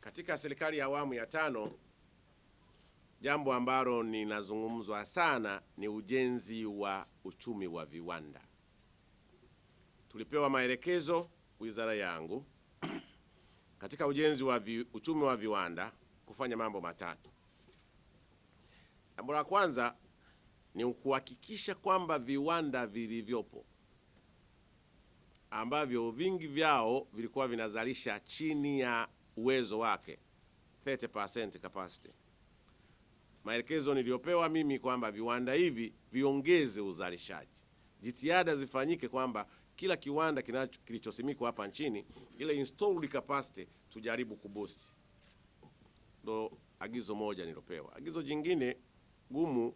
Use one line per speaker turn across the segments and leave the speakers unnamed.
Katika serikali ya awamu ya tano, jambo ambalo ninazungumzwa sana ni ujenzi wa uchumi wa viwanda. Tulipewa maelekezo wizara yangu katika ujenzi wa vi, uchumi wa viwanda kufanya mambo matatu. Jambo la kwanza ni kuhakikisha kwamba viwanda vilivyopo ambavyo vingi vyao vilikuwa vinazalisha chini ya uwezo wake 30% capacity. Maelekezo niliyopewa mimi kwamba viwanda hivi viongeze uzalishaji, jitihada zifanyike kwamba kila kiwanda kilichosimikwa hapa nchini ile installed capacity tujaribu kuboost. Ndo agizo moja nilopewa. Agizo jingine gumu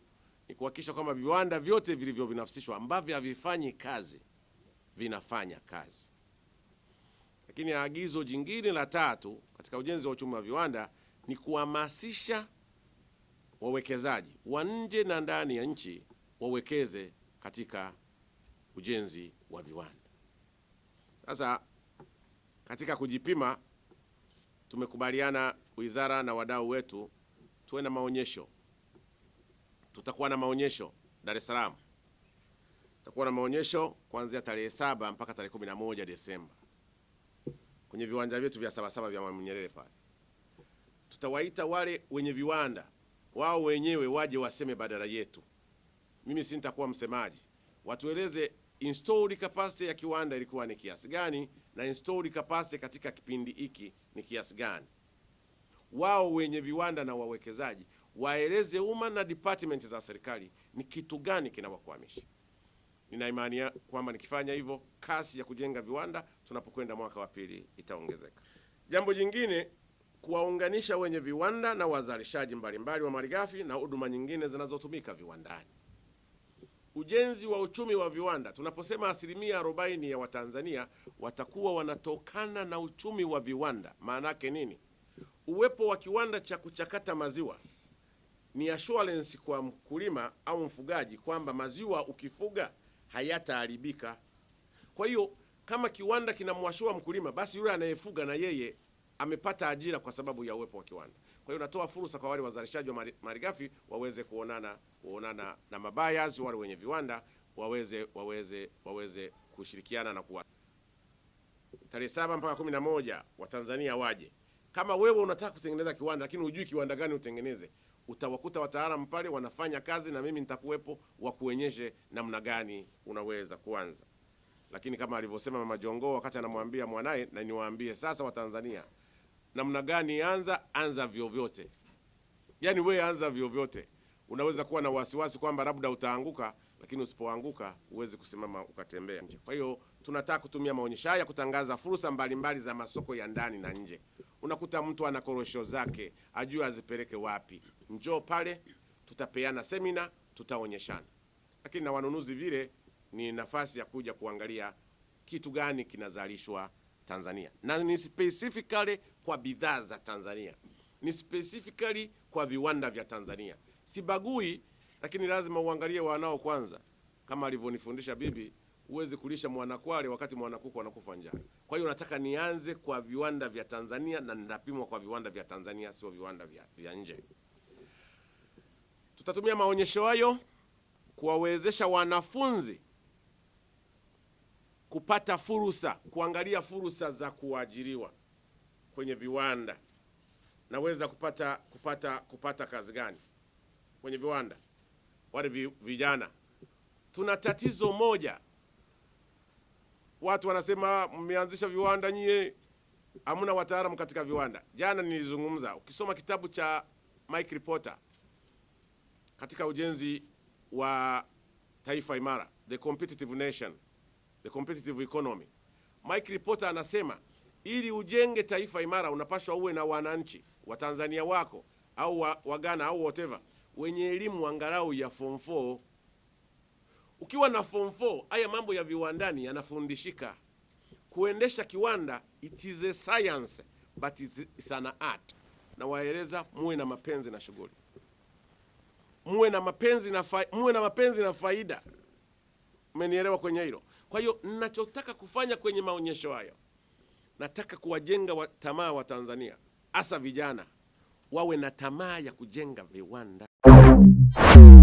kuhakikisha kwamba viwanda vyote vilivyobinafsishwa ambavyo havifanyi kazi vinafanya kazi. Lakini agizo jingine la tatu katika ujenzi wa uchumi wa viwanda ni kuhamasisha wawekezaji wa nje na ndani ya nchi wawekeze katika ujenzi wa viwanda. Sasa katika kujipima, tumekubaliana wizara na wadau wetu tuwe na maonyesho tutakuwa na maonyesho Dar es Salaam, tutakuwa na maonyesho kuanzia tarehe saba mpaka tarehe kumi na moja Desemba kwenye viwanja vyetu vya Sabasaba vya Mwalimu Nyerere pale. Tutawaita wale wenye viwanda wao wenyewe waje waseme badala yetu. Mimi si nitakuwa msemaji, watueleze installed capacity ya kiwanda ilikuwa ni kiasi gani na installed capacity katika kipindi hiki ni kiasi gani. Wao wenye viwanda na wawekezaji waeleze umma na department za serikali ni kitu gani kinawakwamisha. Nina imani kwamba nikifanya hivyo, kasi ya kujenga viwanda tunapokwenda mwaka wa pili itaongezeka. Jambo jingine kuwaunganisha wenye viwanda na wazalishaji mbalimbali wa malighafi na huduma nyingine zinazotumika viwandani. Ujenzi wa uchumi wa viwanda, tunaposema asilimia 40 ya Watanzania watakuwa wanatokana na uchumi wa viwanda, maana yake nini? Uwepo wa kiwanda cha kuchakata maziwa ni assurance kwa mkulima au mfugaji kwamba maziwa ukifuga hayataharibika. Kwa hiyo kama kiwanda kinamwashua mkulima, basi yule anayefuga na yeye amepata ajira kwa sababu ya uwepo wa kiwanda. Kwa hiyo natoa fursa kwa wale wazalishaji wa malighafi waweze kuonana kuonana na mabayas, wale wenye viwanda waweze waweze waweze kushirikiana na kuwa tarehe saba mpaka kumi na moja Watanzania waje. Kama wewe unataka kutengeneza kiwanda lakini hujui kiwanda gani utengeneze utawakuta wataalamu pale wanafanya kazi, na mimi nitakuwepo, wakuonyeshe namna gani unaweza kuanza. Lakini kama alivyosema mama Jongo wakati anamwambia mwanaye, na niwaambie sasa Watanzania namna gani anza, anza vyovyote, yaani we anza vyovyote. Unaweza kuwa na wasiwasi kwamba labda utaanguka lakini usipoanguka huwezi kusimama ukatembea. Kwa hiyo tunataka kutumia maonyesho haya kutangaza fursa mbalimbali za masoko ya ndani na nje. Unakuta mtu ana korosho zake, ajue azipeleke wapi, njoo pale, tutapeana semina, tutaonyeshana. Lakini na wanunuzi vile ni nafasi ya kuja kuangalia kitu gani kinazalishwa Tanzania, na ni specifically kwa bidhaa za Tanzania, ni specifically kwa viwanda vya Tanzania, sibagui lakini lazima uangalie wanao kwanza, kama alivyonifundisha bibi. Huwezi kulisha mwanakwale wakati mwanakuku anakufa njaa. Kwa hiyo nataka nianze kwa viwanda vya Tanzania na ninapimwa kwa viwanda vya Tanzania, sio viwanda vya, vya nje. Tutatumia maonyesho hayo kuwawezesha wanafunzi kupata fursa, kuangalia fursa za kuajiriwa kwenye viwanda. Naweza kupata kupata kupata kazi gani kwenye viwanda? wale vijana, tuna tatizo moja. Watu wanasema mmeanzisha viwanda nyie, hamna wataalamu katika viwanda. Jana nilizungumza, ukisoma kitabu cha Mike Reporter katika ujenzi wa taifa imara, the competitive nation, the competitive economy, Mike Reporter anasema ili ujenge taifa imara unapaswa uwe na wananchi wa Tanzania wako au wa, wa Ghana au whatever wenye elimu angalau ya form 4. Ukiwa na form 4, haya mambo ya viwandani yanafundishika. Kuendesha kiwanda it is a science but it's an art. Na waeleza muwe na mapenzi na shughuli, muwe na mapenzi na fa, muwe na mapenzi na faida. Umenielewa kwenye hilo? Kwa hiyo ninachotaka kufanya kwenye maonyesho hayo nataka kuwajenga tamaa wa Tanzania hasa vijana wawe na tamaa ya kujenga viwanda. Thanks.